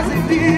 as it is.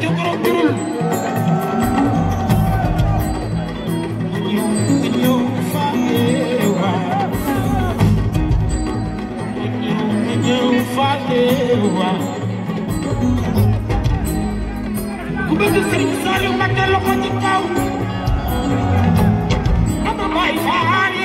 ci borom jurul ku bëgg Sëriñ Saliou Mbacké loxo ci kaw ama bay faari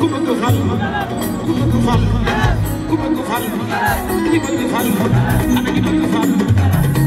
ku bëgg fal ku bëgg fal ku bëgg fal ku bëgg fal ku bëgg fal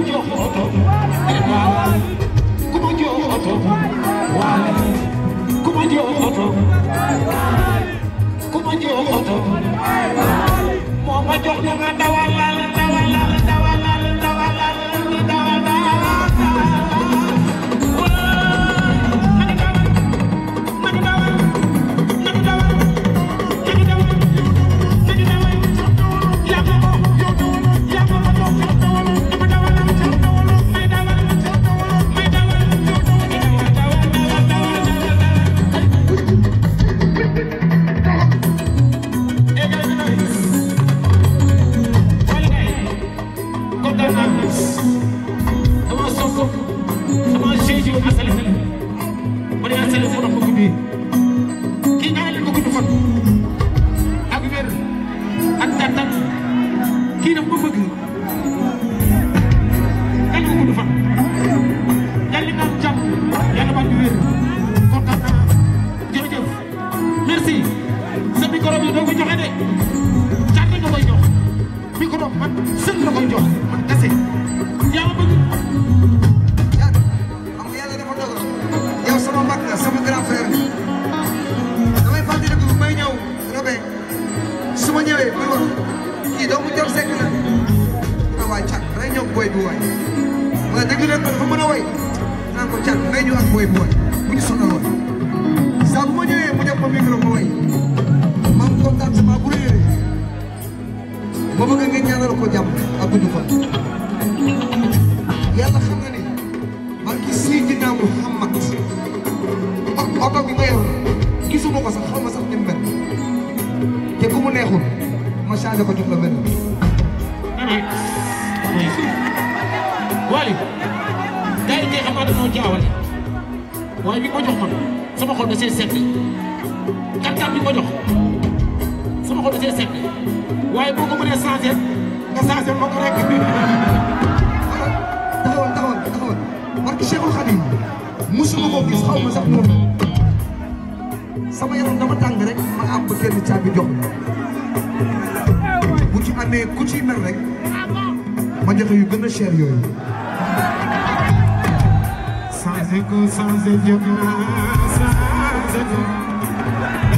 ma jox oto waaw ku ma jox oto waaw ku ma jox oto ku ma jox oto moo ma jox na nga dawalal ko nga sali sali ba dee sali fu dox kii ñaanal leen ko gudd fan ak wér ak tàttan kii daf ko bëgg ñaanal ko fan yàlla na am jàmm yàlla baal ñu wér kontaan naa jërëjëf merci sa micro doo ko joxe de cànn nga jox micro man sën la jox man kese yaa bëgg du waay waaye da nga leen a way naa ko cat may ñu ak way booy bu ñu sonal woon saa bu ma ñëwee mu jox ma micro ma way ma am contentement bu réeré ma bëgg nga ñaanal ko jàmm ak gudd fan yàlla xam nga ne barki Seydina Muhammad oto bi ma yor gisuma ko sax xaw ma sax ni mu mel te ku mu neexul ma changé ko jox benn waaye bi nga ma jox man sama xol da see sedd kàttan bi nga sama xol see sedd waaye boo ko mënee nga changé ma ko rek. taxawal taxawal taxawal barke Cheikhul Khadim ko gis xaw ma sax moom sama yaram dama tàng rek ma am ba caabi jox bu ci amee ku ci mer rek ma joxe yu gën a cher yooyu. changé ko changé jóg naa changé jóg